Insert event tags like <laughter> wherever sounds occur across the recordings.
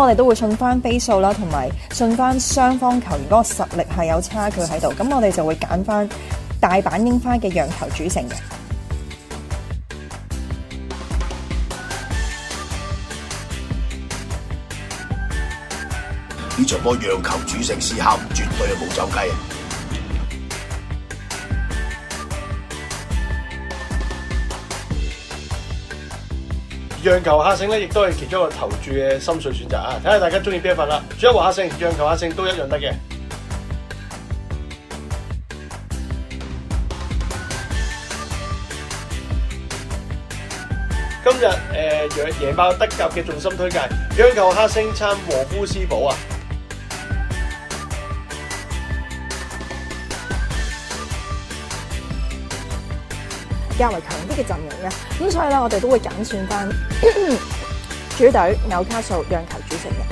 我哋都會信翻飛數啦，同埋信翻雙方球員嗰個實力係有差距喺度，咁我哋就會揀翻大阪櫻花嘅讓球主勝嘅。呢場波讓球主勝思考，絕對係冇走雞啊。讓球客勝咧，亦都係其中一個投注嘅心水選擇啊！睇下大家中意邊一份啦，主和客勝，讓球客勝都一樣得嘅。今日誒，養野貓德甲嘅重心推介，讓球客勝參和夫斯堡啊！較為強啲嘅陣容咧，咁所以咧我哋都會揀選翻主隊、牛卡素、讓球主勝嘅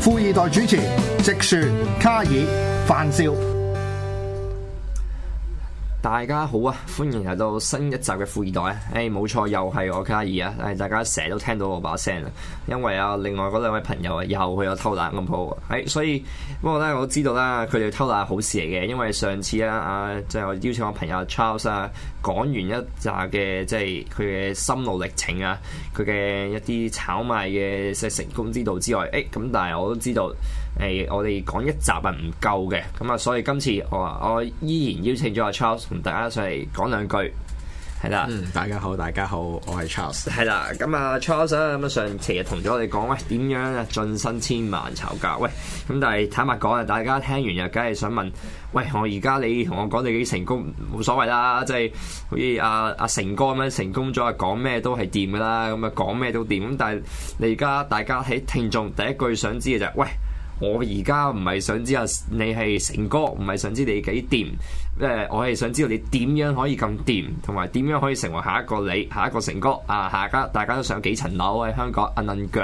富二代主持，直船卡爾范少。大家好啊，歡迎嚟到新一集嘅富易袋。誒、哎，冇錯，又係我卡爾啊。誒，大家成日都聽到我把聲啊，因為啊，另外嗰兩位朋友啊，又去咗偷懶，咁好啊。喺、哎、所以，不過咧，我知道啦，佢哋偷懶係好事嚟嘅，因為上次啊，啊，即係我邀請我朋友 Charles 啊，講完一集嘅即係佢嘅心路歷程啊，佢嘅一啲炒賣嘅成功之道之外，誒、哎，咁但係我都知道。誒、欸，我哋講一集係唔夠嘅咁啊，所以今次我我依然邀請咗阿 Charles 同大家上嚟講兩句係啦。嗯，大家好，大家好，我係 Char、嗯、Charles。係啦，咁啊 Charles 咁啊，上期啊同咗我哋講喂，點樣啊，進身千萬炒家喂咁、嗯。但係坦白講啊，大家聽完又梗係想問喂，我而家你同我講你幾成功，冇所謂啦，即係好似阿阿成哥咁樣成功咗，講咩都係掂噶啦。咁啊，講咩都掂咁，但係你而家大家喺聽眾第一句想知嘅就係、喂。我而家唔係想知啊，你係成哥，唔係想知你幾掂。誒，我係想知道你點樣可以咁掂，同埋點樣可以成為下一個你，下一個成哥。啊，下家大家都上咗幾層樓喺香港摁摁腳，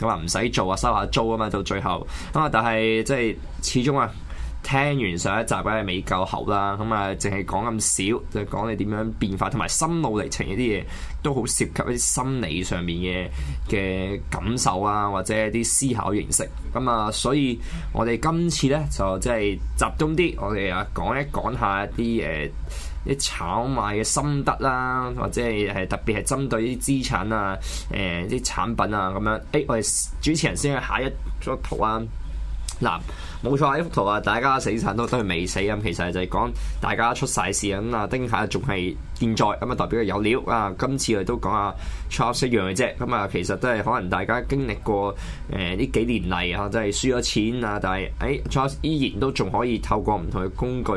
咁啊唔使做啊收下租啊嘛，到最後咁啊，但係即係始終啊。聽完上一集梗係未夠喉啦，咁啊，淨係講咁少，就講你點樣變化，同埋心路歷程呢啲嘢，都好涉及一啲心理上面嘅嘅感受啊，或者一啲思考形式。咁、嗯、啊，所以我哋今次咧就即係集中啲，我哋啊講一講下一啲誒啲炒賣嘅心得啦，或者係特別係針對啲資產啊、誒、呃、啲產品啊咁樣。誒、欸，我哋主持人先去下一張圖啊！嗱，冇錯啊！呢幅圖啊，大家死撐都都係未死咁，其實就係講大家出晒事咁啊，丁蟹仲係。現在咁啊、嗯，代表有料啊！今次我哋都講下 Charles 一樣嘅啫，咁、嗯、啊，其實都係可能大家經歷過誒呢、呃、幾年嚟啊，都、就、係、是、輸咗錢啊，但係誒 Charles 依然都仲可以透過唔同嘅工具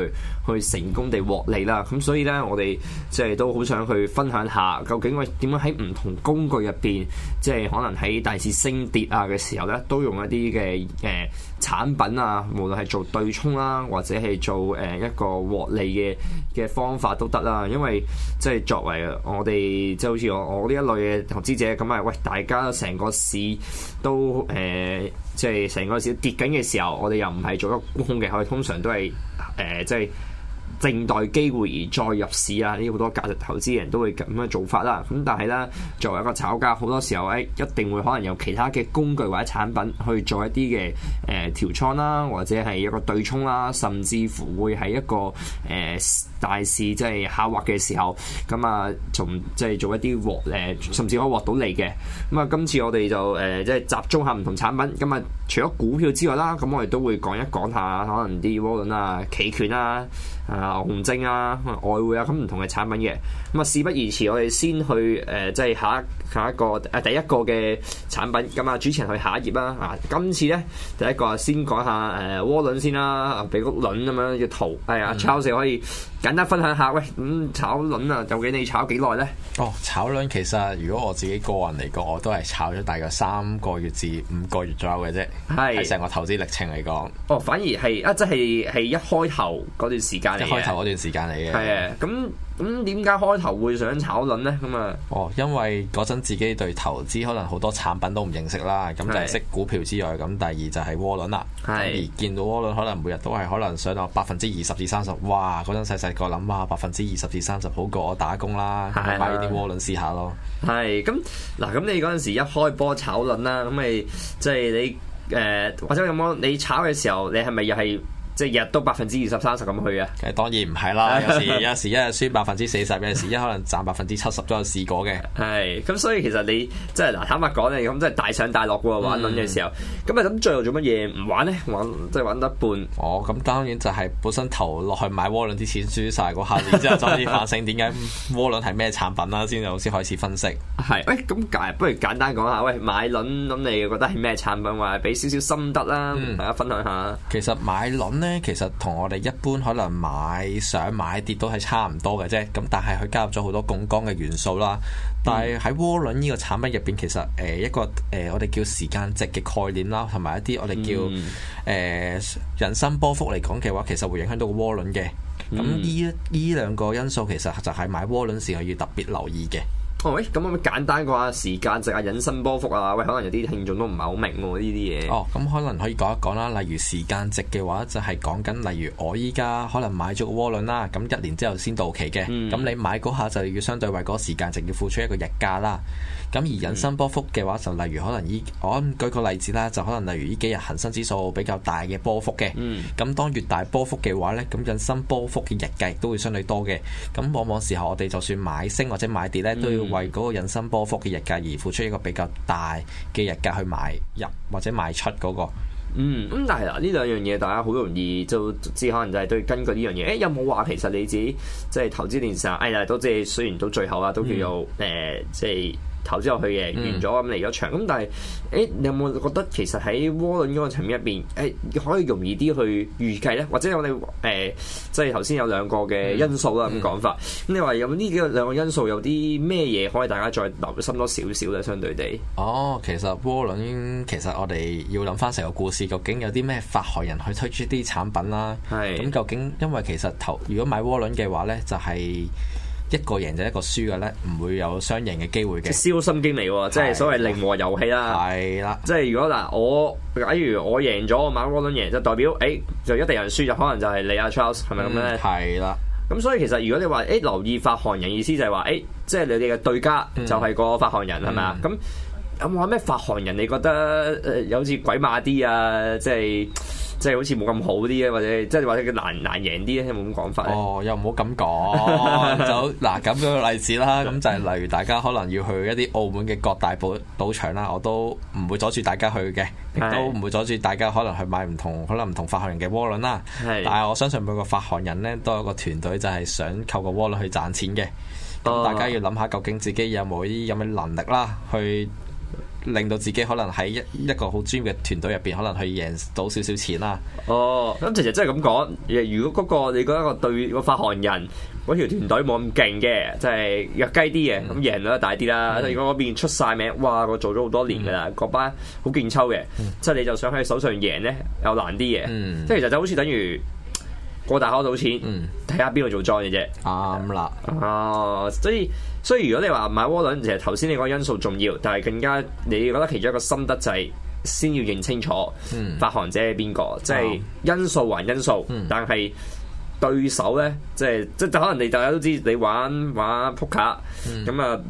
去成功地獲利啦。咁、啊、所以呢，我哋即係都好想去分享下，究竟我點樣喺唔同工具入邊，即、就、係、是、可能喺大市升跌啊嘅時候呢，都用一啲嘅誒產品啊，無論係做對沖啦、啊，或者係做誒、呃、一個獲利嘅嘅方法都得啦，因為即係作為我哋，即係好似我我呢一類嘅投資者咁啊！喂，大家成個市都誒、呃，即係成個市都跌緊嘅時候，我哋又唔係做一個空嘅，我哋通常都係誒、呃，即係。靜待機會而再入市啊！呢啲好多價值投資人都會咁嘅做法啦。咁但係咧，作為一個炒家，好多時候誒一定會可能有其他嘅工具或者產品去做一啲嘅誒調倉啦，或者係一個對沖啦，甚至乎會係一個誒、呃、大市即係、就是、下滑嘅時候咁啊，從即係做一啲獲誒，甚至可以獲到利嘅。咁啊，今次我哋就誒即係集中下唔同產品咁啊。除咗股票之外啦，咁我哋都會講一講一下可能啲窩輪啊、期權啊、啊、呃、熊證啊、外匯啊咁唔同嘅產品嘅。咁啊事不宜遲，我哋先去誒，即、呃、係、就是、下一。下一個啊，第一個嘅產品，咁啊主持人去下一頁啦啊！今次咧，第一個先講下誒窩輪先啦，啊，畀個輪咁樣嘅圖，係啊，Charles、嗯啊、可以簡單分享下喂，咁、欸嗯、炒輪啊，究竟你炒幾耐咧？哦，炒輪其實如果我自己個人嚟講，我都係炒咗大概三個月至五個月左右嘅啫，喺成是個投資歷程嚟講。哦，反而係啊，即係係一開頭嗰段時間嚟嘅。一開頭嗰段時間嚟嘅。係啊，咁、嗯。咁點解開頭會想炒輪呢？咁啊，哦，因為嗰陣自己對投資可能好多產品都唔認識啦，咁就識股票之外，咁是第二就係窩輪啦。係是，而見到窩輪可能每日都係可能上到百分之二十至三十，哇！嗰陣細細個諗話，百分之二十至三十好過我打工啦，啊、買啲窩輪試下咯。係、啊，咁嗱，咁你嗰陣時一開波炒輪啦，咁咪即係你誒、即係呃、或者咁講，你炒嘅時候，你係咪又係？即係日都百分之二十三十咁去啊！誒當然唔係啦，有時有時一係輸百分之四十，有時一可能賺百分之七十都有試過嘅。係咁， <laughs> 所以其實你即係嗱坦白講你咁即係大上大落喎玩輪嘅時候。咁啊諗最後做乜嘢唔玩咧？玩即係玩得半。哦，咁當然就係本身投落去買窩輪啲錢輸晒嗰下，然之後再反省點解窩輪係咩產品啦，先至又先開始分析。係。誒、欸、咁，不如簡單講下，喂買輪咁你覺得係咩產品？話俾少少心得啦，大家分享下、嗯。其實買輪咧。其實同我哋一般可能買上買跌都係差唔多嘅啫。咁但係佢加入咗好多槓桿嘅元素啦。但係喺窩輪呢個產品入邊，其實誒、呃、一個誒、呃、我哋叫時間值嘅概念啦，同埋一啲我哋叫誒、呃、引伸波幅嚟講嘅話，其實會影響到個窩輪嘅。咁呢依兩個因素其實就係買窩輪時候要特別留意嘅。喂，咁我咪簡單講下時間值啊、引伸波幅啊，喂、欸，可能有啲聽眾都唔係好明喎呢啲嘢。哦，咁、嗯嗯嗯、可能可以講一講啦。例如時間值嘅話，就係講緊，例如我依家可能買咗個窩輪啦，咁一年之後先到期嘅。咁、嗯、你買嗰下就要相對為嗰個時間值要付出一個日價啦。咁而引伸波幅嘅話，就例如可能依我舉個例子啦，就可能例如呢幾日恒生指數比較大嘅波幅嘅。咁、嗯、當越大波幅嘅話呢，咁引伸波幅嘅日價都會相對多嘅。咁往往時候我哋就算買升或者買跌呢，都要為嗰個引伸波幅嘅溢價而付出一個比較大嘅溢價去買入或者賣出嗰個，嗯，咁但係啊，呢兩樣嘢大家好容易就知，可能就係都根據呢樣嘢。誒、欸，有冇話其實你自己即係、就是、投資連鎖？哎呀，都即、就、係、是、雖然到最後啊，都叫做。誒、嗯，即係、呃。就是投資落去嘅完咗咁嚟咗場咁，但係誒、欸，你有冇覺得其實喺窩輪嗰個層面入邊誒，可以容易啲去預計咧？或者我哋誒、呃，即係頭先有兩個嘅因素啦咁講法。咁、嗯、你話有呢幾個兩個因素有啲咩嘢可以大家再留心多少少咧？相對地，哦，其實窩輪其實我哋要諗翻成個故事，究竟有啲咩發行人去推出啲產品啦、啊？係咁是，究竟因為其實投如果買窩輪嘅話咧，就係、是。一個贏就一個輸嘅咧，唔會有雙贏嘅機會嘅。即 <noise> 心經理喎，即、就、係、是、所謂零和遊戲啦。係啦， <noise> 對即係如果嗱，我假如我贏咗，我馬哥倫贏，就代表誒、欸、就一定有人輸，就可能就係你阿、啊、Charles 係咪咁咧？係啦，咁 <noise> 是所以其實如果你話誒、欸、留意發行人，意思就係話誒，即、欸、係、就是、你哋嘅對家就係個發行人係咪啊？咁有冇話咩發行人？你覺得誒有好似鬼馬啲啊？即係。即係好似冇咁好啲嘅，或者即係或者叫難難贏啲咧，有冇咁講法哦？又唔好咁講， <laughs> 就嗱咁舉個例子啦。咁就係例如大家可能要去一啲澳門嘅各大賭賭場啦， <laughs> 我都唔會阻住大家去嘅，亦都唔會阻住大家可能去買唔同是可能唔同發行人嘅窩輪啦。是但係我相信每個發行人呢，都有一個團隊，就係想靠個窩輪去賺錢嘅。咁大家要諗下，究竟自己有冇啲有咩能力啦，去。令到自己可能喺一一個好專業嘅團隊入邊，可能去贏到少少錢啦、啊。哦，咁其實真係咁講。如果嗰、那個你覺得個對個發行人嗰條團隊冇咁勁嘅，就係、是、弱雞啲嘅，咁、嗯、贏率大啲啦。嗯、如果嗰邊出晒名，哇！我、那個、做咗好多年噶啦，嗰、嗯、班好勁抽嘅，即係、嗯、你就想喺手上贏咧，又難啲嘅。嗯、即係其實就好似等於過大考賭錢，睇下邊個做莊嘅啫。啱啦。哦，所以。所以如果你話買窩輪，其實頭先你講因素重要，但係更加你覺得其中一個心得就係，先要認清楚發行者係邊個，即係、嗯、因素還因素，嗯、但係對手咧，即係即係可能你大家都知，你玩玩撲克，咁啊，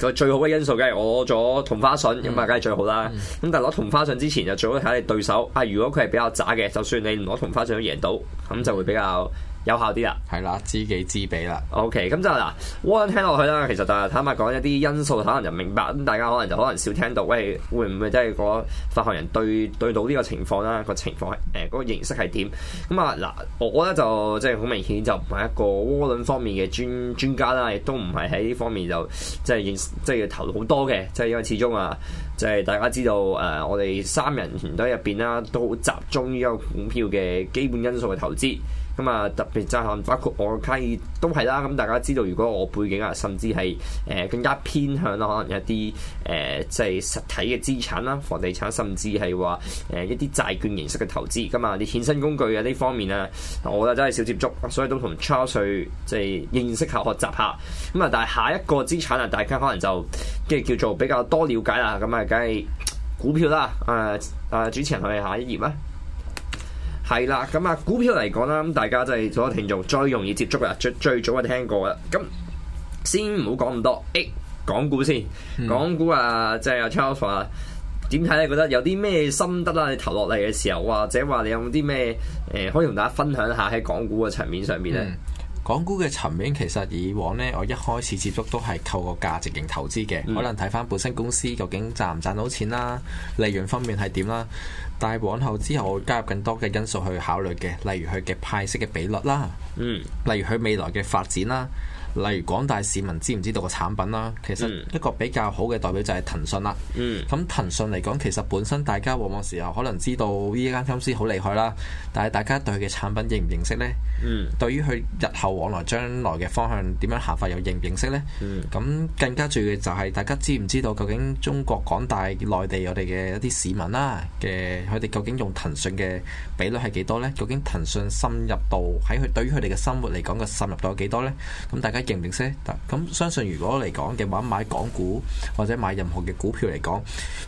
就、嗯、最好嘅因素梗係攞咗同花順，咁啊梗係最好啦。咁、嗯嗯、但係攞同花順之前就最好睇下你對手，啊如果佢係比較渣嘅，就算你唔攞同花順都贏到，咁就會比較。有效啲啦，係啦，知己知彼啦。O K，咁就嗱，渦輪聽落去啦。其實就坦白講一啲因素，可能就明白咁，大家可能就可能少聽到，喂，會唔會即係嗰發行人對對到呢個情況啦？嗰個情況誒，嗰、呃嗰個形式係點咁啊？嗱，我咧就即係好明顯就唔係一個渦輪方面嘅專專家啦，亦都唔係喺呢方面就即係認即係要投好多嘅。即、就、係、是、因為始終啊，即、就、係、是、大家知道誒、呃，我哋三人團隊入邊啦，都集中呢一個股票嘅基本因素嘅投資。咁啊，特別就係包括我卡爾，都係啦。咁大家知道，如果我背景啊，甚至係誒、呃、更加偏向咯，可能一啲誒、呃、即係實體嘅資產啦，房地產，甚至係話誒一啲債券形式嘅投資咁啊，啲、嗯、衍生工具啊呢方面啊，我覺得真係少接觸，所以都同 Charles 即係認識下、學習下。咁啊，但係下一個資產啊，大家可能就即係叫做比較多了解啦。咁、嗯、啊，梗係股票啦。誒、呃、誒，主持人去下一頁啦。係啦，咁啊，股票嚟講啦，咁大家即係所有聽眾最容易接觸嘅，最最早啊聽過嘅，咁先唔好講咁多，誒、嗯，港股先，港股啊，即係阿 Charles 啊，點睇咧？覺得有啲咩心得啦？你投落嚟嘅時候，或者話你有冇啲咩誒，可以同大家分享下喺港股嘅層面上面咧？港股嘅層面其實以往呢，我一開始接觸都係靠個價值型投資嘅，嗯、可能睇翻本身公司究竟賺唔賺到錢啦、啊，利潤方面係點啦。但係往後之後，我加入更多嘅因素去考慮嘅，例如佢嘅派息嘅比率啦、啊，嗯，例如佢未來嘅發展啦、啊。例如廣大市民知唔知道個產品啦？其實一個比較好嘅代表就係騰訊啦。咁、嗯、騰訊嚟講，其實本身大家往往時候可能知道呢間公司好厲害啦，但係大家對佢嘅產品認唔認識呢？嗯、對於佢日後往來將來嘅方向點樣行法又認唔認識呢？咁、嗯、更加重要就係大家知唔知道究竟中國廣大內地有我哋嘅一啲市民啦嘅佢哋究竟用騰訊嘅比率係幾多呢？究竟騰訊深入度，喺佢對於佢哋嘅生活嚟講嘅深入度有幾多呢？咁大家勁唔勁先？咁相信如果嚟講嘅話，買港股或者買任何嘅股票嚟講，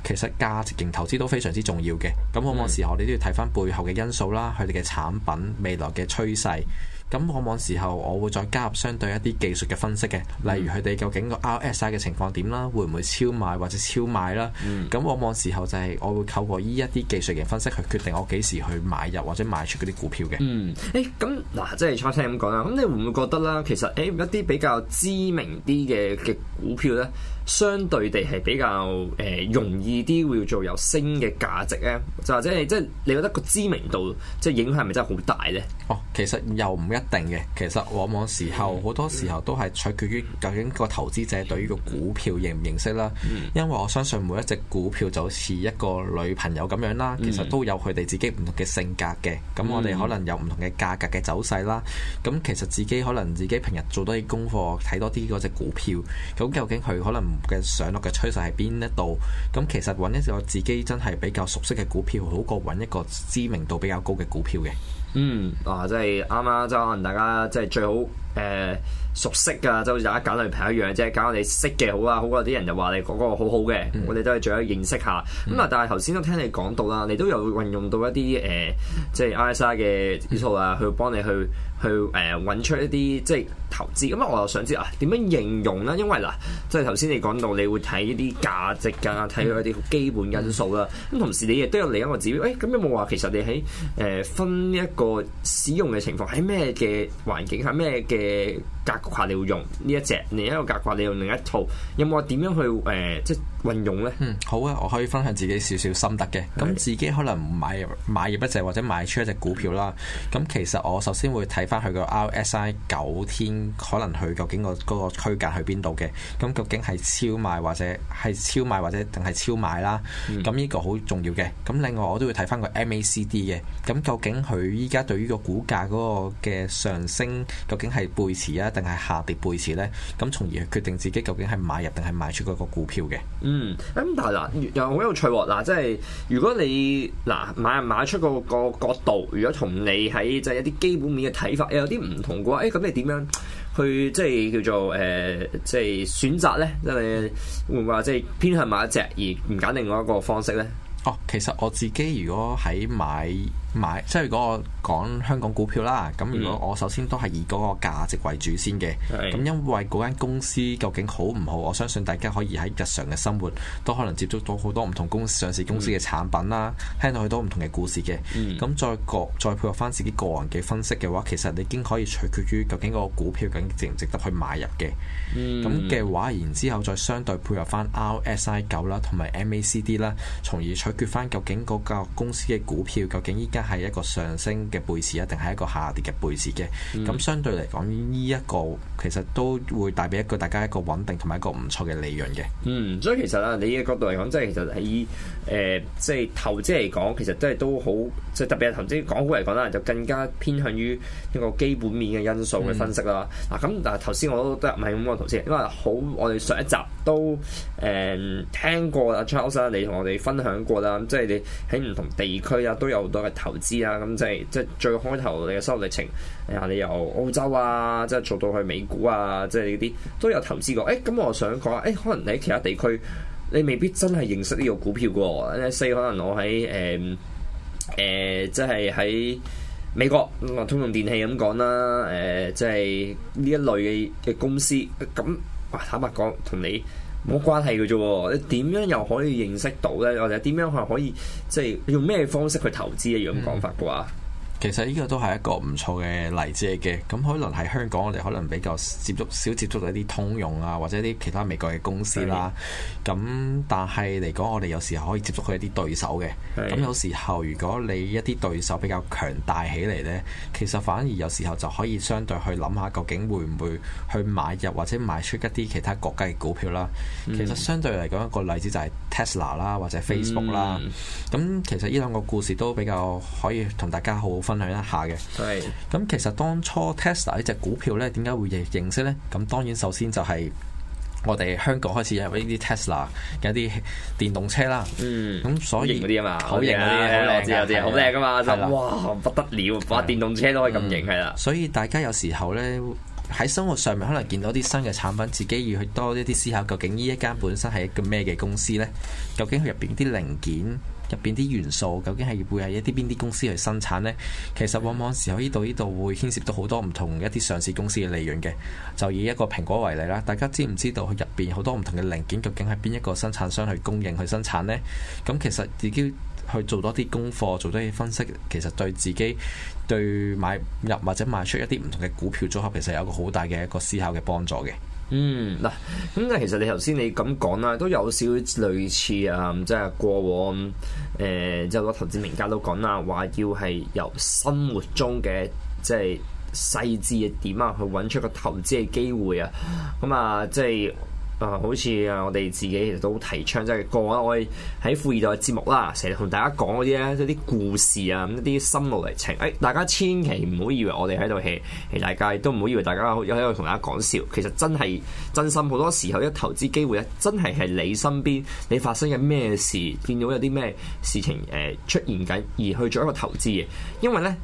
其實價值型投資都非常之重要嘅。咁往往時候我哋都要睇翻背後嘅因素啦，佢哋嘅產品未來嘅趨勢。嗯嗯嗯咁往往時候，我會再加入相對一啲技術嘅分析嘅，例如佢哋究竟個 RSI 嘅情況點啦，會唔會超賣或者超買啦？嗯，咁往往時候就係我會透過依一啲技術嘅分析去決定我幾時去買入或者賣出嗰啲股票嘅。嗯，誒咁嗱，即係初生咁講啦，咁你會唔會覺得啦？其實誒一啲比較知名啲嘅嘅股票咧。相對地係比較誒容易啲會做有升嘅價值咧，就或者係即係你覺得個知名度即係影響係咪真係好大咧？哦，其實又唔一定嘅，其實往往時候好多時候都係取決於究竟個投資者對於個股票認唔認識啦。因為我相信每一隻股票就好似一個女朋友咁樣啦，其實都有佢哋自己唔同嘅性格嘅，咁我哋可能有唔同嘅價格嘅走勢啦。咁其實自己可能自己平日做多啲功課睇多啲嗰隻股票，咁究竟佢可能嘅上落嘅趨勢喺邊一度？咁其實揾一隻我自己真係比較熟悉嘅股票，好過揾一個知名度比較高嘅股票嘅。嗯，啊，即係啱啱就可能大家即係最好誒、呃、熟悉㗎，就好似大家搞女朋友一樣啫，揀我你識嘅好啊，好過啲人就話你嗰個好好嘅，嗯、我哋都係最好認識下。咁啊、嗯，嗯、但係頭先都聽你講到啦，你都有運用到一啲誒、呃，即係 RSI 嘅指數啊，嗯、去幫你去。去誒揾、呃、出一啲即係投資，咁啊我又想知啊點樣形容咧？因為嗱，即係頭先你講到你會睇一啲價值㗎，睇、啊、佢一啲基本因素啦。咁、嗯、同時你亦都有另一個指標，誒、哎、咁有冇話其實你喺誒、呃、分一個使用嘅情況喺咩嘅環境，喺咩嘅格局下你會用呢一隻？另一個格局你用另一套？有冇話點樣去誒、呃、即？運用咧，嗯，好啊，我可以分享自己少少心得嘅。咁的自己可能買買入一隻或者賣出一隻股票啦。咁、嗯、其實我首先會睇翻佢個 RSI 九天，可能佢究竟個嗰個區間去邊度嘅。咁究竟係超賣或者係超賣或者定係超買啦？咁呢、嗯、個好重要嘅。咁另外我都會睇翻個 MACD 嘅。咁究竟佢依家對於個股價嗰個嘅上升，究竟係背馳啊定係下跌背馳呢？咁從而決定自己究竟係買入定係賣出嗰個股票嘅。嗯嗯，咁但係嗱，又好有趣喎。嗱、啊，即係如果你嗱、啊、買買出個個角度，如果同你喺就係一啲基本面嘅睇法有啲唔同嘅話，誒、欸、咁你點樣去即係叫做誒、呃、即係選擇咧？即係你會唔會話即係偏向買一隻而唔揀另外一個方式咧？哦，其實我自己如果喺買。買即係如果我講香港股票啦，咁如果我首先都係以嗰個價值為主先嘅，咁、嗯、因為嗰間公司究竟好唔好，我相信大家可以喺日常嘅生活都可能接觸到好多唔同公司上市公司嘅產品啦，嗯、聽到好多唔同嘅故事嘅，咁、嗯、再個再配合翻自己個人嘅分析嘅話，其實你已經可以取決於究竟個股票究竟值唔值得去買入嘅，咁嘅、嗯、話，然之後再相對配合翻 RSI 九啦，同埋 MACD 啦，從而取決翻究竟嗰個公司嘅股票究竟依家。係一個上升嘅背馳，一定係一個下跌嘅背馳嘅。咁、嗯、相對嚟講，呢、這、一個其實都會帶俾一個大家一個穩定，同埋一個唔錯嘅利潤嘅。嗯，所以其實啊，你嘅角度嚟講，即係其實喺誒、呃，即係投資嚟講，其實真係都好，即、就、係、是、特別係投資港股嚟講咧，就更加偏向於一個基本面嘅因素嘅分析啦。嗱咁但嗱，頭先、啊、我都得，唔埋咁個圖先，因為好，我哋上一集。都誒、嗯、聽過阿 Charles 你同我哋分享過啦，即係你喺唔同地區啊，都有好多嘅投資啦，咁、嗯、即係即係最開頭你嘅收入歷程，啊、哎，你由澳洲啊，即係做到去美股啊，即係呢啲都有投資過。誒、哎，咁我想講啊、哎，可能你喺其他地區，你未必真係認識呢個股票嘅喎，因為四可能我喺誒誒，即係喺美國，我通用電器咁講啦，誒、呃，即係呢一類嘅嘅公司咁。嗯哇！坦白講，同你冇關係嘅啫。你點樣又可以認識到咧？或者點樣可能可以即係、就是、用咩方式去投資呢？呢樣講法嘅話？嗯其實呢個都係一個唔錯嘅例子嚟嘅，咁可能喺香港我哋可能比較接觸少接觸到一啲通用啊，或者啲其他美國嘅公司啦。咁的但係嚟講，我哋有時候可以接觸佢一啲對手嘅。咁的有時候如果你一啲對手比較強大起嚟呢，其實反而有時候就可以相對去諗下究竟會唔會去買入或者賣出一啲其他國家嘅股票啦。嗯、其實相對嚟講一個例子就係 Tesla 啦，或者 Facebook 啦。咁、嗯、其實呢兩個故事都比較可以同大家好，好分享一下嘅，咁其實當初 Tesla 呢隻股票咧，點解會認認識咧？咁當然首先就係我哋香港開始有呢啲 Tesla 嘅一啲電動車啦，咁所以嗰啲啊嘛，好型啊，好靚啊，好靚噶嘛，就哇不得了，哇電動車都可以咁型係啦。所以大家有時候咧，喺生活上面可能見到啲新嘅產品，自己要去多一啲思考，究竟呢一間本身係一個咩嘅公司咧？究竟佢入邊啲零件？入邊啲元素究竟係會係一啲邊啲公司去生產呢？其實往往時候呢度呢度會牽涉到好多唔同一啲上市公司嘅利潤嘅。就以一個蘋果為例啦，大家知唔知道佢入邊好多唔同嘅零件，究竟係邊一個生產商去供應去生產呢？咁其實自己去做多啲功課，做多啲分析，其實對自己對買入或者賣出一啲唔同嘅股票組合，其實有個好大嘅一個思考嘅幫助嘅。嗯，嗱咁，其實你頭先你咁講啦，都有少少類似啊，即係過往。誒，即係個投資名家都講啦，話要係由生活中嘅即係細緻嘅點啊，去揾出個投資嘅機會啊，咁啊，即係。好似啊，我哋自己其實都提倡即係個話，我哋喺富二代節目啦，成日同大家講嗰啲咧，啲故事啊，一啲心路歷程。誒、哎，大家千祈唔好以為我哋喺度戲大家，都唔好以為大家又喺度同大家講笑。其實真係真心好多時候，一投資機會咧，真係係你身邊你發生緊咩事，見到有啲咩事情誒出現緊而去做一個投資嘅，因為呢。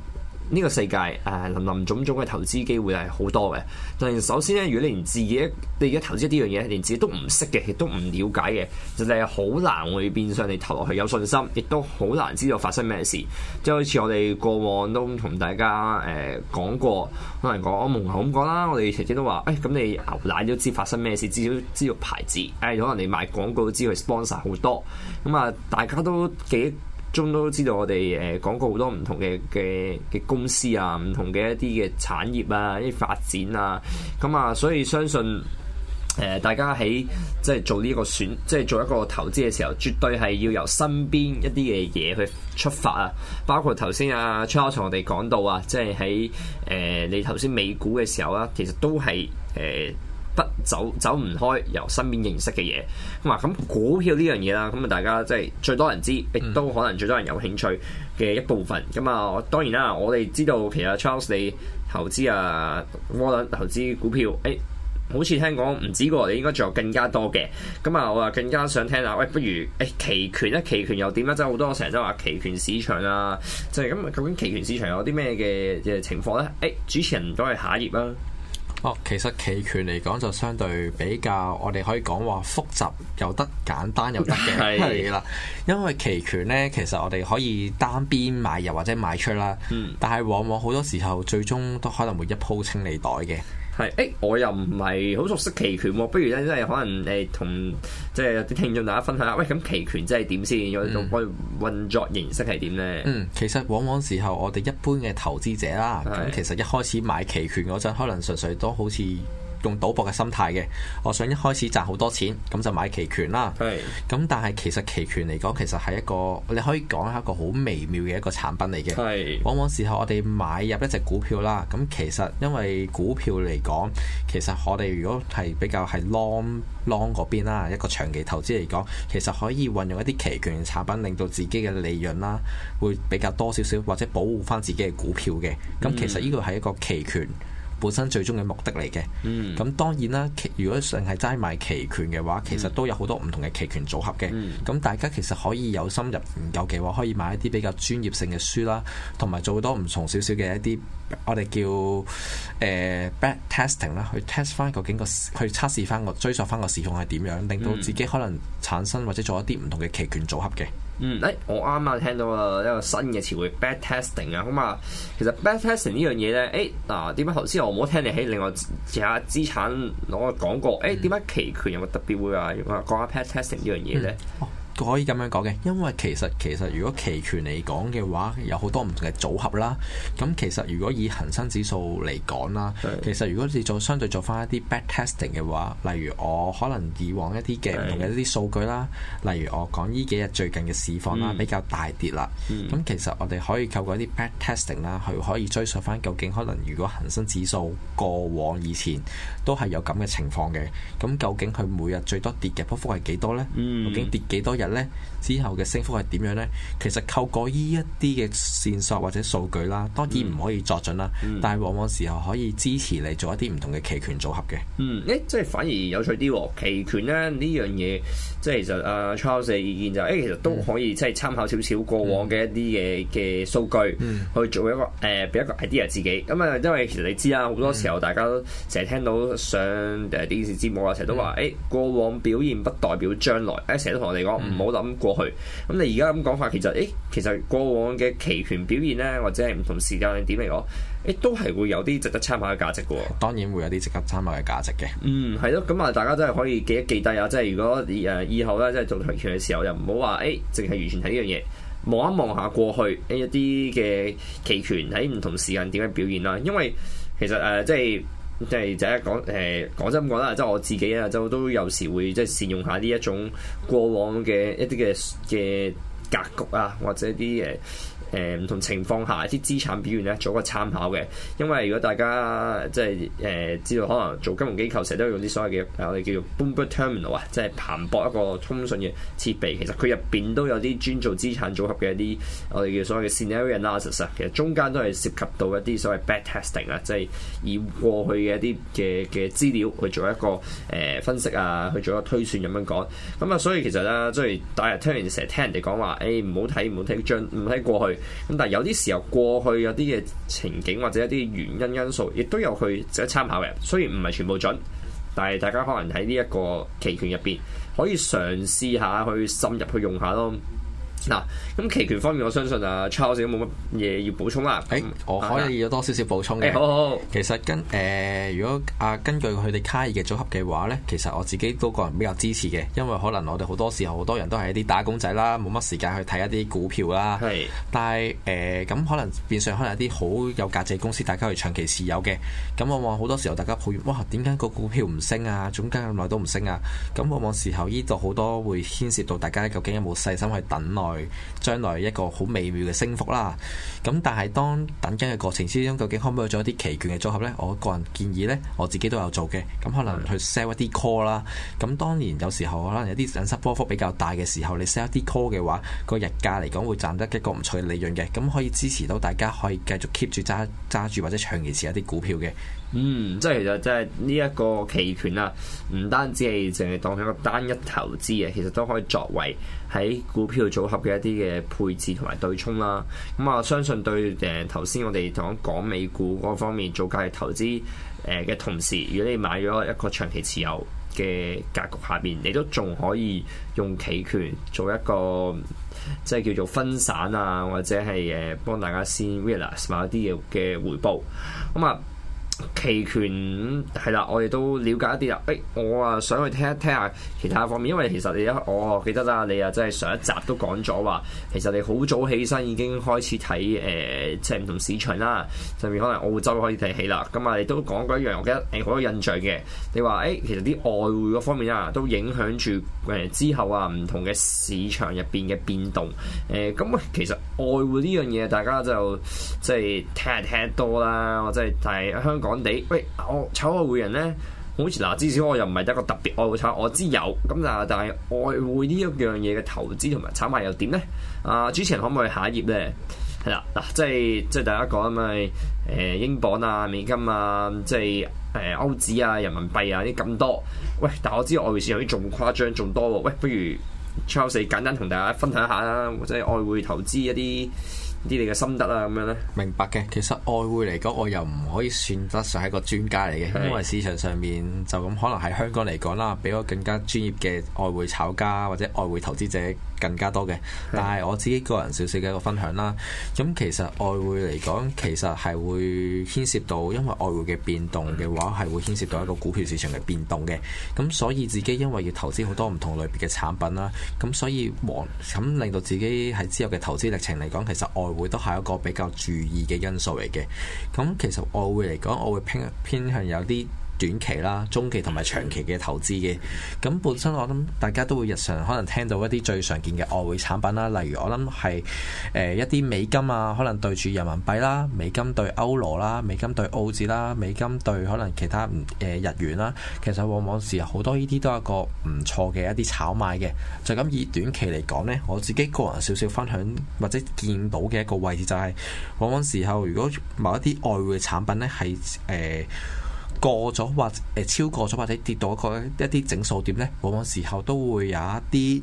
呢個世界誒、呃、林林種種嘅投資機會係好多嘅，但係首先咧，如果你連自己你而家投資呢樣嘢，連自己都唔識嘅，亦都唔了解嘅，就係好難會變相你投落去有信心，亦都好難知道發生咩事。即係好似我哋過往都同大家誒講、呃、過，可能講蒙牛咁講啦，我哋頭先都話，誒、哎、咁你牛奶都知發生咩事，至少知道牌子，誒、哎、可能你賣廣告都知佢 sponsor 好多，咁啊大家都幾，中都知道我哋誒、呃、講過好多唔同嘅嘅嘅公司啊，唔同嘅一啲嘅產業啊，一啲發展啊，咁啊，所以相信誒、呃、大家喺即係做呢一個選，即係做一個投資嘅時候，絕對係要由身邊一啲嘅嘢去出發啊。包括頭先啊 Charles 我哋講到啊，即係喺誒你頭先美股嘅時候啊，其實都係誒、呃走走唔開，由身邊認識嘅嘢。咁啊，咁股票呢樣嘢啦，咁啊大家即係最多人知，亦都可能最多人有興趣嘅一部分。咁啊，當然啦，我哋知道其實 Charles 你投資啊，窩輪投資股票，誒、欸，好似聽講唔止喎，你應該仲有更加多嘅。咁啊，我啊更加想聽下，喂、欸，不如誒期、欸、權咧，期權又點咧？即係好多成日都話期權市場啊，就係、是、咁、啊，究竟期權市場有啲咩嘅嘅情況咧？誒、欸，主持人都係下頁啦、啊。哦，其實期權嚟講就相對比較，我哋可以講話複雜又、又得簡單又得嘅啦。 <laughs> 的因為期權呢，其實我哋可以單邊買入或者買出啦。嗯，但係往往好多時候最終都可能會一鋪清理袋嘅。係，誒、欸、我又唔係好熟悉期權喎、啊，不如咧真係可能誒同、欸、即係啲聽眾大家分享下，喂咁期權真係點先？有種、嗯、運作形式係點咧？嗯，其實往往時候我哋一般嘅投資者啦，咁的其實一開始買期權嗰陣，可能純粹都好似，用賭博嘅心態嘅，我想一開始賺好多錢，咁就買期權啦。係是。咁但係其實期權嚟講，其實係一個你可以講一個好微妙嘅一個產品嚟嘅。是往往時候我哋買入一隻股票啦，咁其實因為股票嚟講，其實我哋如果係比較係 long long 嗰邊啦，一個長期投資嚟講，其實可以運用一啲期權產品，令到自己嘅利潤啦會比較多少少，或者保護返自己嘅股票嘅。咁其實呢個係一個期權。嗯本身最終嘅目的嚟嘅，咁、嗯、當然啦。如果淨係齋買期權嘅話，其實都有好多唔同嘅期權組合嘅。咁、嗯、大家其實可以有深入研究嘅話，可以買一啲比較專業性嘅書啦，同埋做好多唔同少少嘅一啲我哋叫誒、呃、backtesting 啦，去 test 翻究竟個去測試翻個追索翻個市況係點樣，令到自己可能產生或者做一啲唔同嘅期權組合嘅。嗯，誒、欸，我啱啱聽到啊一個新嘅詞彙，bad testing 啊，咁啊，其實 bad testing 呢樣嘢咧，誒、欸，嗱，點解頭先我冇聽你喺另外其他資產攞嚟講過，誒，點解期權有冇特別會話講下 bad testing 呢樣嘢咧？嗯哦可以咁樣講嘅，因為其實其實如果期權嚟講嘅話，有好多唔同嘅組合啦。咁其實如果以恒生指數嚟講啦，的其實如果你做相對做翻一啲 backtesting 嘅話，例如我可能以往一啲嘅唔同嘅一啲數據啦，的例如我講呢幾日最近嘅市況啦、嗯、比較大跌啦，咁、嗯、其實我哋可以透過一啲 backtesting 啦，去可以追溯翻究竟可能如果恒生指數過往以前都係有咁嘅情況嘅，咁究竟佢每日最多跌嘅波幅係幾多咧？嗯、究竟跌幾多日？之後嘅升幅係點樣呢？其實透過呢一啲嘅線索或者數據啦，當然唔可以作準啦。嗯、但係往往時候可以支持你做一啲唔同嘅期權組合嘅。嗯，誒、欸，即係反而有趣啲期權呢，呢樣嘢，即係其實阿、啊、Charles 嘅意見就誒、是欸，其實都可以、嗯、即係參考少少過往嘅一啲嘅嘅數據、嗯、去做一個誒，俾、呃、一個 idea 自己。咁啊，因為其實你知啦，好多時候大家都成日聽到上誒電視節目啊，成日都話誒、嗯欸、過往表現不代表，不代表將來。誒、欸，成日都同我哋講。嗯唔好諗過去，咁你而家咁講法，其實誒、欸，其實過往嘅期權表現咧，或者係唔同時間點嚟講，誒、欸，都係會有啲值得參考嘅價值嘅。當然會有啲值得參考嘅價值嘅。嗯，係咯，咁啊，大家都係可以記一記低啊，即係如果誒以後咧，即係做期權嘅時候就，又唔好話誒，淨係完全睇呢樣嘢，望一望下過去一啲嘅期權喺唔同時間點嘅表現啦。因為其實誒、呃，即係。即係，就係講誒、欸，講真講啦，即係我自己啊，就都有時會即係善用下呢一種過往嘅一啲嘅嘅。格局啊，或者啲誒誒唔同情況下啲資產表現咧，做一個參考嘅。因為如果大家即係誒知道，可能做金融機構成日都會用啲所謂嘅誒我哋叫做 Bloomberg terminal 啊，即係彭博一個通訊嘅設備，其實佢入邊都有啲專做資產組合嘅一啲我哋叫所謂嘅 scenario analysis 啊。其實中間都係涉及到一啲所謂 back testing 啊，即係以過去嘅一啲嘅嘅資料去做一個誒、呃、分析啊，去做一個推算咁樣講，咁啊，所以其實咧，即係大日聽完成日聽人哋講話。誒，唔好睇，唔好睇進，唔好睇過去咁，但係有啲時候過去有啲嘅情景或者一啲原因因素，亦都有佢值得參考嘅。雖然唔係全部準，但係大家可能喺呢一個期權入邊可以嘗試下去深入去用下咯。嗱，咁期、啊、權方面，我相信啊 Charles 都冇乜嘢要補充啦。誒，欸啊、我可以有多少少補充嘅、欸。好好。其實跟誒、呃，如果啊根據佢哋卡爾嘅組合嘅話咧，其實我自己都個人比較支持嘅，因為可能我哋好多時候好多人都係一啲打工仔啦，冇乜時間去睇一啲股票啦。是但係誒，咁、呃、可能變相可能一啲好有價值嘅公司，大家去長期持有嘅。咁往往好多時候，大家抱怨哇，點解個股票唔升啊？總計咁耐都唔升啊？咁往往時候呢度好多會牽涉到大家究竟有冇細心去等耐。將來一個好美妙嘅升幅啦，咁但係當等緊嘅過程之中，究竟可唔可以做一啲期權嘅組合呢？我個人建議呢，我自己都有做嘅，咁可能去 sell 一啲 call 啦。咁當然有時候可能有啲隱失波幅比較大嘅時候，你 sell 一啲 call 嘅話，個日價嚟講會賺得一個唔錯嘅利潤嘅，咁可以支持到大家可以繼續 keep 住揸揸住或者長期持一啲股票嘅。嗯，即係其實即係呢一個期權啊，唔單止係淨係當佢一個單一投資啊，其實都可以作為喺股票組合嘅一啲嘅配置同埋對沖啦。咁啊，嗯、我相信對誒頭先我哋講港美股嗰方面做價值投資誒嘅同時，如果你買咗一個長期持有嘅格局下邊，你都仲可以用期權做一個即係叫做分散啊，或者係誒幫大家先 realise 買一啲嘅嘅回報咁啊。嗯嗯。期權，係啦，我哋都了解一啲啦。誒、欸，我啊想去聽一聽下其他方面，因為其實你一我記得啦、啊，你啊真係上一集都講咗話，其實你好早起身已經開始睇誒、呃，即係唔同市場啦。上面可能澳洲開始睇起啦，咁、嗯、啊，亦都講過一樣，我記得誒，好有印象嘅。你話誒、欸，其實啲外匯嗰方面啊，都影響住誒之後啊，唔同嘅市場入邊嘅變動。誒、呃，咁、嗯、其實外匯呢樣嘢，大家就即係聽一，聽一聽多啦，或者係喺香港。港地喂，我炒外匯人呢，好似嗱，至少我又唔係得個特別愛會炒，我知有咁，但係但係外匯呢一樣嘢嘅投資同埋炒賣又點呢？啊，主持人可唔可以下一頁呢？係啦，嗱，即係即係大家講咪誒英鎊啊、美金啊，即係誒、呃、歐指啊、人民幣啊啲咁多，喂，但係我知外匯市場啲仲誇張仲多喎、哦，喂，不如 Charles 簡單同大家分享一下啦，即係外匯投資一啲。啲你嘅心得啊，咁樣呢，明白嘅，其實外匯嚟講，我又唔可以算得上係一個專家嚟嘅，是的 因為市場上面就咁可能喺香港嚟講啦，比我更加專業嘅外匯炒家或者外匯投資者。更加多嘅，但係我自己個人少少嘅一個分享啦。咁其實外匯嚟講，其實係會牽涉到，因為外匯嘅變動嘅話，係會牽涉到一個股票市場嘅變動嘅。咁所以自己因為要投資好多唔同類別嘅產品啦，咁所以和咁令到自己喺之後嘅投資歷程嚟講，其實外匯都係一個比較注意嘅因素嚟嘅。咁其實外匯嚟講，我會偏偏向有啲。短期啦、中期同埋長期嘅投資嘅，咁本身我諗大家都會日常可能聽到一啲最常見嘅外匯產品啦，例如我諗係誒一啲美金啊，可能對住人民幣啦、美金對歐羅啦、美金對澳紙啦、美金對可能其他唔、呃、日元啦，其實往往時候好多呢啲都有一個唔錯嘅一啲炒賣嘅。就咁以短期嚟講咧，我自己個人少少分享或者見到嘅一個位置就係、是、往往時候如果某一啲外匯產品咧係誒過咗或誒超過咗或者跌到一啲整數點呢，往往時候都會有一啲誒。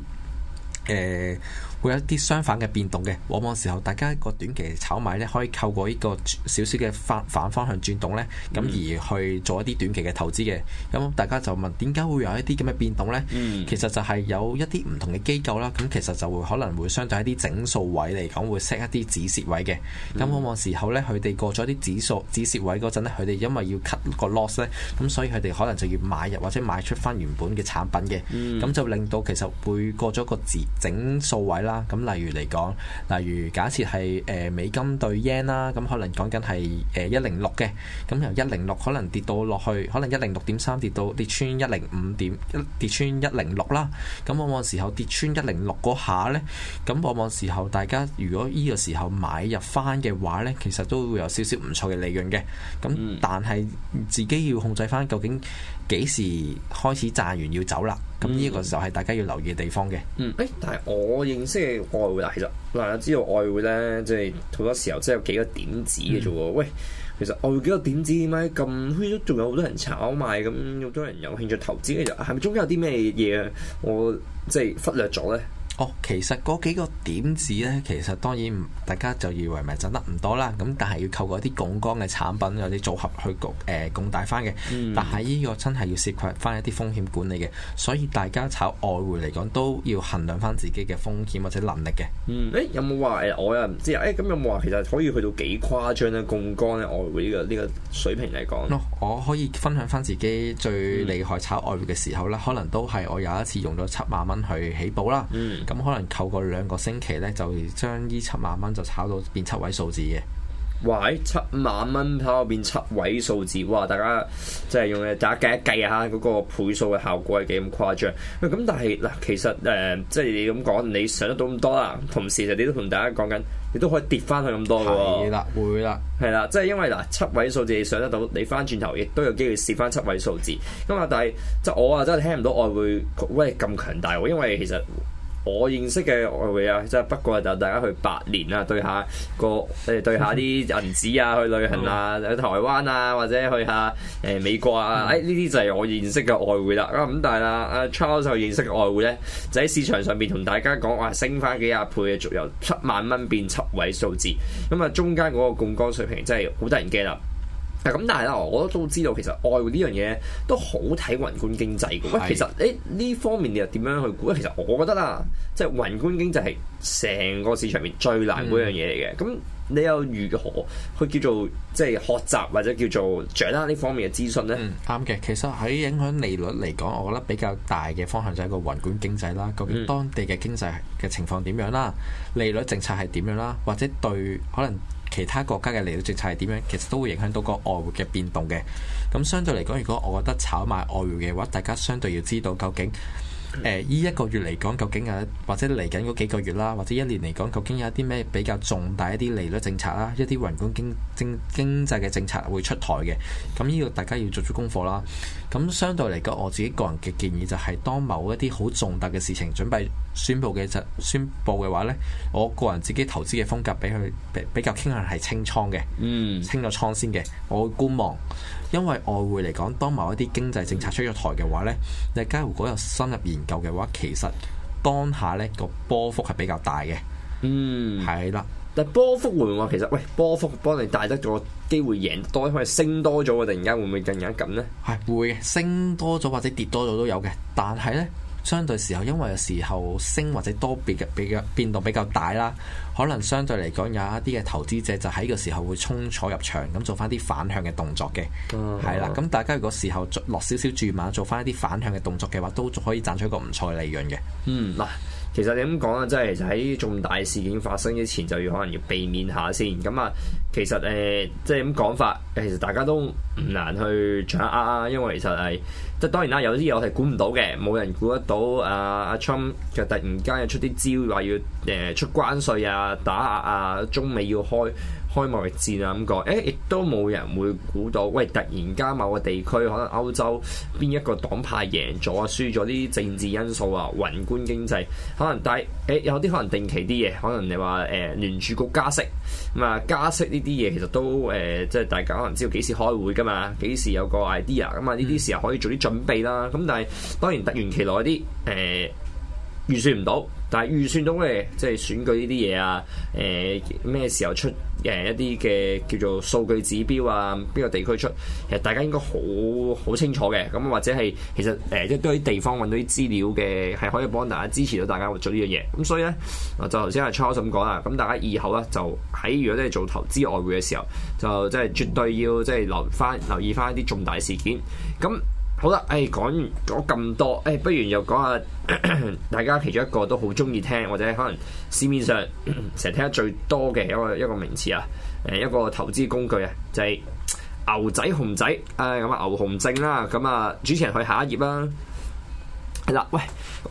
呃會有一啲相反嘅變動嘅，往往時候大家個短期炒賣咧，可以透過呢個少少嘅反反方向轉動咧，咁、嗯、而去做一啲短期嘅投資嘅。咁大家就問點解會有一啲咁嘅變動咧？嗯、其實就係有一啲唔同嘅機構啦，咁其實就會可能會相對一啲整數位嚟講會 set 一啲止蝕位嘅。咁、嗯、往往時候咧，佢哋過咗啲指數止蝕位嗰陣咧，佢哋因為要 cut 個 loss 咧，咁所以佢哋可能就要買入或者買出翻原本嘅產品嘅。咁、嗯、就令到其實會過咗個整整數位啦。咁例如嚟講，例如假設係誒美金對 yen 啦，咁可能講緊係誒一零六嘅，咁由一零六可能跌到落去，可能一零六點三跌到跌穿一零五點，跌穿一零六啦。咁往往時候跌穿一零六嗰下呢，咁往往時候大家如果呢個時候買入翻嘅話呢，其實都會有少少唔錯嘅利潤嘅。咁但係自己要控制翻究竟。幾時開始賺完要走啦？咁呢個就係大家要留意嘅地方嘅。嗯，哎，但係我認識嘅外匯嚟咋？嗱，我知道外匯咧，即係好多時候真係有幾個點子嘅啫喎。嗯、喂，其實外匯幾個點子點解咁？佢都仲有好多人炒賣，咁有好多人有興趣投資嘅，就係咪中間有啲咩嘢？我即係、就是、忽略咗咧。哦，其實嗰幾個點子咧，其實當然大家就以為咪賺得唔多啦，咁但係要透過一啲槓桿嘅產品有啲組合去槓誒槓大翻嘅。嗯、但係呢個真係要涉及翻一啲風險管理嘅，所以大家炒外匯嚟講都要衡量翻自己嘅風險或者能力嘅。誒、嗯欸、有冇話誒我又唔知啊？誒、欸、咁有冇話其實可以去到幾誇張咧槓桿咧外匯嘅呢個水平嚟講？咯、哦，我可以分享翻自己最厲害炒外匯嘅時候咧，嗯、可能都係我有一次用咗七萬蚊去起步啦。嗯咁、嗯、可能扣個兩個星期咧，就將呢七萬蚊就炒到變七位數字嘅。哇！喺七萬蚊炒到變七位數字，哇！大家即係用大家計一計一下，嗰、那個倍數嘅效果係幾咁誇張。咁、嗯、但係嗱，其實誒、呃、即係你咁講，你升得到咁多啦，同時就你都同大家講緊，你都可以跌翻去咁多㗎喎。係啦，會啦，係啦，即係因為嗱七位數字你升得到，你翻轉頭亦都有機會蝕翻七位數字。咁、嗯、啊，但係即係我啊，真係聽唔到外匯威力咁強大喎，因為其實。我認識嘅外匯啊，即係不過就大家去白年啊，對下個誒、呃、對下啲銀紙啊，去旅行啊，去台灣啊，或者去下誒、呃、美國啊，誒呢啲就係我認識嘅外匯啦。咁、啊、但係啦，阿、啊、Charles 就認識嘅外匯咧，就喺、是、市場上邊同大家講話升翻幾廿倍嘅，由七萬蚊變七位數字，咁、嗯、啊、嗯嗯、中間嗰個槓桿水平真係好得人驚啦。咁，但係啦，我都知道其實外匯呢樣嘢都好睇宏觀經濟嘅。喂，是的 其實誒呢方面你又點樣去估？其實我覺得啦，即係宏觀經濟係成個市場面最難嗰樣嘢嚟嘅。咁、嗯、你有如何去叫做即係、就是、學習或者叫做掌握呢方面嘅資訊呢？啱嘅、嗯，其實喺影響利率嚟講，我覺得比較大嘅方向就係個宏觀經濟啦。究竟當地嘅經濟嘅情況點樣啦？利率政策係點樣啦？或者對可能，其他國家嘅利率政策係點樣，其實都會影響到個外匯嘅變動嘅。咁相對嚟講，如果我覺得炒賣外匯嘅話，大家相對要知道究竟。誒依一個月嚟講，究竟有、啊，或者嚟緊嗰幾個月啦，或者一年嚟講，究竟有一啲咩比較重大一啲利率政策啦、啊，一啲宏觀經經經濟嘅政策會出台嘅。咁呢個大家要做足功課啦。咁相對嚟講，我自己個人嘅建議就係，當某一啲好重大嘅事情準備宣佈嘅就宣佈嘅話呢，我個人自己投資嘅風格比佢比比較傾向係清倉嘅，嗯，清咗倉先嘅，我會觀望。因為外匯嚟講，當某一啲經濟政策出咗台嘅話呢，大家如果有深入研究嘅話，其實當下呢個波幅係比較大嘅。嗯，係啦的。但波幅會唔會其實喂波幅幫你帶得咗機會贏多，因為升多咗，我突然間會唔會突然間咁呢？係會嘅，升多咗或者跌多咗都有嘅。但係呢。相對時候，因為有時候升或者多變嘅比較變動比較大啦，可能相對嚟講有一啲嘅投資者就喺個時候會衝錯入場，咁做翻啲反向嘅動作嘅，係、uh huh. 啦。咁大家如果時候落少少注碼，做翻一啲反向嘅動作嘅話，都仲可以賺取一個唔錯嘅利潤嘅。嗯、uh。嗱、huh。其實你咁講啊，即係其實喺重大事件發生之前，就要可能要避免下先。咁啊，其實誒、呃，即係咁講法，其實大家都唔難去掌握啊，因為其實係即係當然啦，有啲嘢我係估唔到嘅，冇人估得到啊！阿 t 就突然間出啲招，話要誒出關稅啊，打壓啊，中美要開。開貿易戰啊！咁講誒，亦都冇人會估到，喂，突然間某個地區可能歐洲邊一個黨派贏咗啊，輸咗啲政治因素啊，宏觀經濟可能但係誒、欸、有啲可能定期啲嘢，可能你話誒、欸、聯儲局加息咁啊、嗯，加息呢啲嘢其實都誒，即、欸、係大家可能知道幾時開會㗎嘛，幾時有個 idea 咁啊，呢啲時候可以做啲準備啦。咁、嗯、但係當然突然其來啲誒預算唔到，但係預算到咧，即係選舉呢啲嘢啊，誒、欸、咩時候出？誒一啲嘅叫做數據指標啊，邊個地區出，其實大家應該好好清楚嘅。咁或者係其實誒即係地方揾到啲資料嘅，係可以幫大家支持到大家做呢樣嘢。咁所以咧，就頭先阿 Charles 咁講啦，咁大家以後咧就喺如果真係做投資外匯嘅時候，就即係絕對要即係留翻留意翻一啲重大事件咁。好啦，誒、哎，講咗咁多，誒、哎，不如又講下大家其中一個都好中意聽，或者可能市面上成日聽得最多嘅一個一個名詞啊，誒，一個投資工具啊，就係、是、牛仔熊仔，啊、呃，咁啊牛熊證啦，咁、嗯、啊主持人去下一頁、啊、啦。嗱，喂，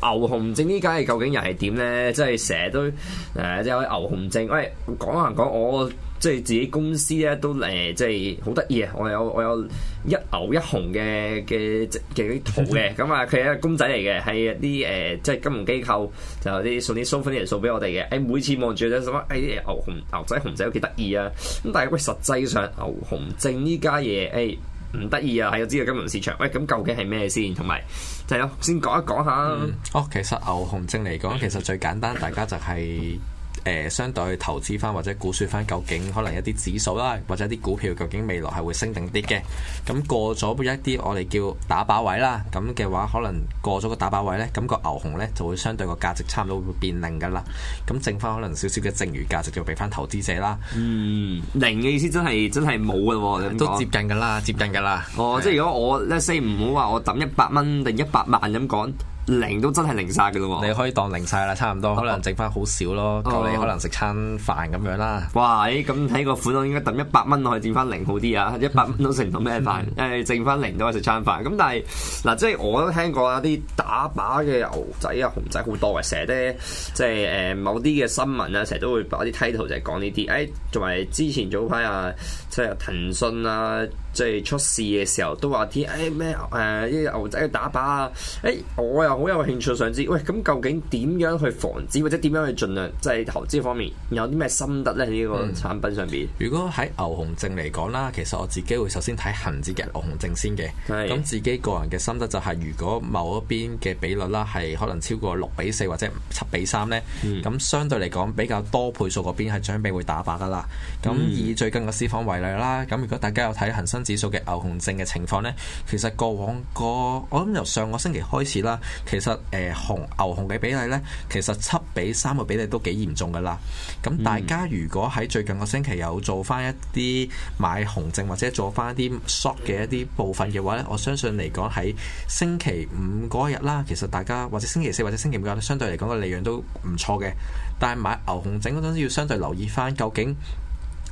牛熊證呢家究竟又係點咧？即係成日都誒，即、呃、係、就是、牛熊證，喂，講下講我。即係自己公司咧都誒、呃，即係好得意啊！我有我有一牛一熊嘅嘅嘅啲圖嘅，咁啊佢係一個公仔嚟嘅，係啲誒即係金融機構就啲送啲 souvenir 送俾我哋嘅。誒、哎、每次望住咧什麼誒牛熊牛仔熊仔都幾得意啊！咁但係喂實際上牛熊證呢家嘢誒唔得意啊，係、哎、我知道金融市場喂咁究竟係咩先？同埋就係、是、咯，先講一講一下、嗯、哦，其實牛熊證嚟講其實最簡單，大家就係、是。誒相對去投資翻或者估算翻，究竟可能一啲指數啦，或者啲股票究竟未來係會升定跌嘅？咁過咗一啲我哋叫打靶位啦，咁嘅話可能過咗個打靶位呢，咁個牛熊呢就會相對個價值差唔多會變零噶啦。咁剩翻可能少少嘅剩餘價值就俾翻投資者啦。嗯，零嘅意思真係真係冇噶喎，都接近噶啦，接近噶啦。Oh, 是哦，即係如果我咧 say 唔好話我抌一百蚊定一百萬咁講。零都真係零晒嘅咯喎，你可以當零晒啦，差唔多，uh oh. 可能剩翻好少咯，夠你可能食餐飯咁樣啦。哇，咁睇個款，我應該抌一百蚊，啊、 <laughs> 可以剩翻零好啲啊！一百蚊都食唔到咩飯，誒，剩翻零都係食餐飯。咁但係嗱，即係我都聽過有啲打靶嘅牛仔啊，熊仔好多嘅，成日咧即係誒、呃、某啲嘅新聞啊，成日都會把啲 title 就係講呢啲。誒、哎，仲埋之前早排啊，即係騰訊啊。即係出事嘅時候都話啲誒咩誒啲牛仔去打靶啊！誒、哎，我又好有興趣想知，喂，咁究竟點樣去防止或者點樣去盡量即係、就是、投資方面有啲咩心得呢？呢、嗯、個產品上面？如果喺牛熊證嚟講啦，其實我自己會首先睇恒指嘅牛熊證先嘅。咁是自己個人嘅心得就係、是，如果某一邊嘅比率啦係可能超過六比四或者七比三呢、嗯，咁相對嚟講比較多倍數嗰邊係將嚟會打靶噶啦。咁以最近嘅市況為例啦，咁如果大家有睇恒生。指數嘅牛熊證嘅情況呢，其實過往個我諗由上個星期開始啦，其實誒熊、呃、牛熊嘅比例呢，其實七比三嘅比例都幾嚴重噶啦。咁大家如果喺最近個星期有做翻一啲買熊證或者做翻一啲 short 嘅一啲部分嘅話呢，我相信嚟講喺星期五嗰日啦，其實大家或者星期四或者星期五嗰日，相對嚟講個利潤都唔錯嘅。但係買牛熊證嗰陣要相對留意翻究竟。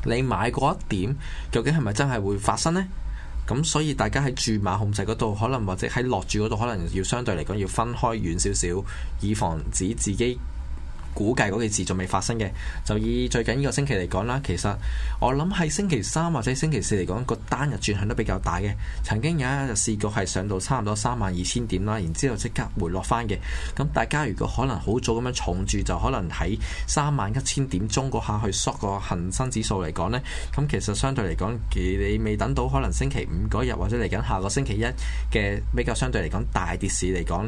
你買嗰一點究竟係咪真係會發生呢？咁所以大家喺注碼控制嗰度，可能或者喺落注嗰度，可能要相對嚟講要分開遠少少，以防止自己估計嗰件事仲未發生嘅，就以最近呢個星期嚟講啦。其實我諗係星期三或者星期四嚟講，個單日轉向都比較大嘅。曾經有一日試過係上到差唔多三萬二千點啦，然之後即刻回落翻嘅。咁大家如果可能好早咁樣重住，就可能喺三萬一千點鐘嗰下去縮個恒生指數嚟講呢。咁其實相對嚟講，其你未等到可能星期五嗰日或者嚟緊下個星期一嘅比較相對嚟講大跌市嚟講。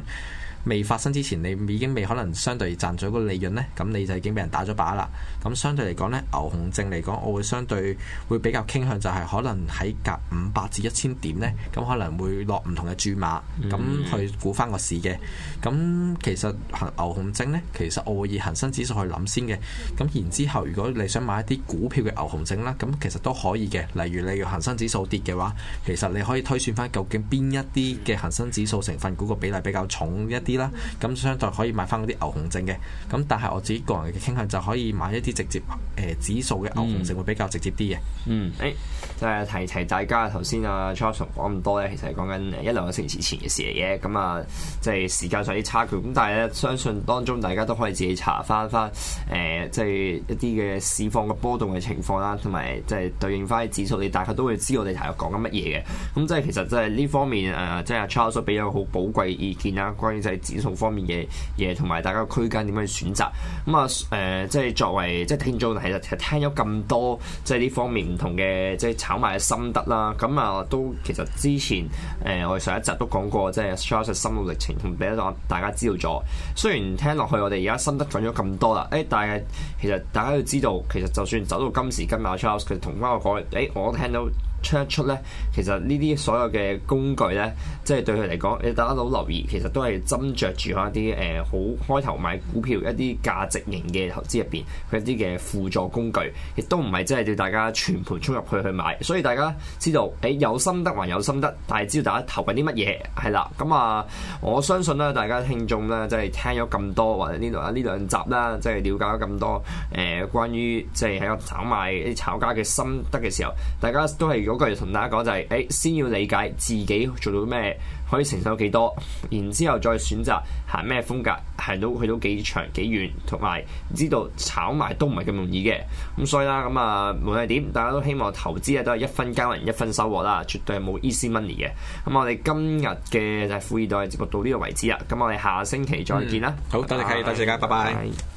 未發生之前，你已經未可能相對賺咗個利潤呢，咁你就已經俾人打咗靶啦。咁相對嚟講呢，牛熊證嚟講，我會相對會比較傾向就係可能喺隔五百至一千點呢。咁可能會落唔同嘅注碼，咁、mm hmm. 去估翻個市嘅。咁其實行牛熊證呢，其實我會以恒生指數去諗先嘅。咁然之後，如果你想買一啲股票嘅牛熊證啦，咁其實都可以嘅。例如你要恒生指數跌嘅話，其實你可以推算翻究竟邊一啲嘅恒生指數成分股個比例比較重一啲啦，咁相對可以買翻啲牛熊證嘅，咁但係我自己個人嘅傾向就可以買一啲直接誒、呃、指數嘅牛熊證會比較直接啲嘅、嗯。嗯，誒、欸，即、就、係、是、提提大家頭先阿、啊、Charles 講咁多咧，其實係講緊一兩個星期前嘅事嚟嘅，咁啊，即、就、係、是、時間上啲差距。咁但係咧，相信當中大家都可以自己查翻翻誒，即、呃、係、就是、一啲嘅市況嘅波動嘅情況啦，同埋即係對應翻啲指數，你大概都會知我哋頭講緊乜嘢嘅。咁即係其實即係呢方面誒，即、啊、係、就是啊、Charles 俾咗好寶貴意見啦，關於即係。指數方面嘅嘢，同埋大家個區間點樣去選擇咁啊？誒、嗯呃，即係作為即係聽眾，其實聽咗咁多，即係呢方面唔同嘅即係炒賣嘅心得啦。咁啊，都其實之前誒、呃、我哋上一集都講過，即係 Charles 嘅心路歷程，同俾大家知道咗。雖然聽落去，我哋而家心得揾咗咁多啦，誒、欸，但係其實大家都知道，其實就算走到今時今日，Charles 佢同翻我講，誒、欸，我都聽到。出一出咧，其實呢啲所有嘅工具咧，即係對佢嚟講，誒，大家好留意，其實都係斟酌住一啲誒好開頭買股票一啲價值型嘅投資入邊佢一啲嘅輔助工具，亦都唔係即係叫大家全盤衝入去去買。所以大家知道，誒，有心得還有心得，但係知道大家投緊啲乜嘢係啦。咁啊，我相信咧，大家聽眾咧，即係聽咗咁多或者呢度呢兩集咧，即係了解咗咁多誒關於即係喺度炒賣啲炒家嘅心得嘅時候，大家都係我今日同大家講就係，誒，先要理解自己做到咩，可以承受幾多，然之後再選擇行咩風格，行到去到幾長幾遠，同埋知道炒賣都唔係咁容易嘅。咁所以啦，咁啊，無論係點，大家都希望投資咧都係一分耕耘一分收穫啦，絕對係冇 easy money 嘅。咁我哋今日嘅就係富二代節目到呢度為止啦。咁我哋下星期再見啦。嗯、好 bye bye, 多，多謝晒，多謝晒，拜拜。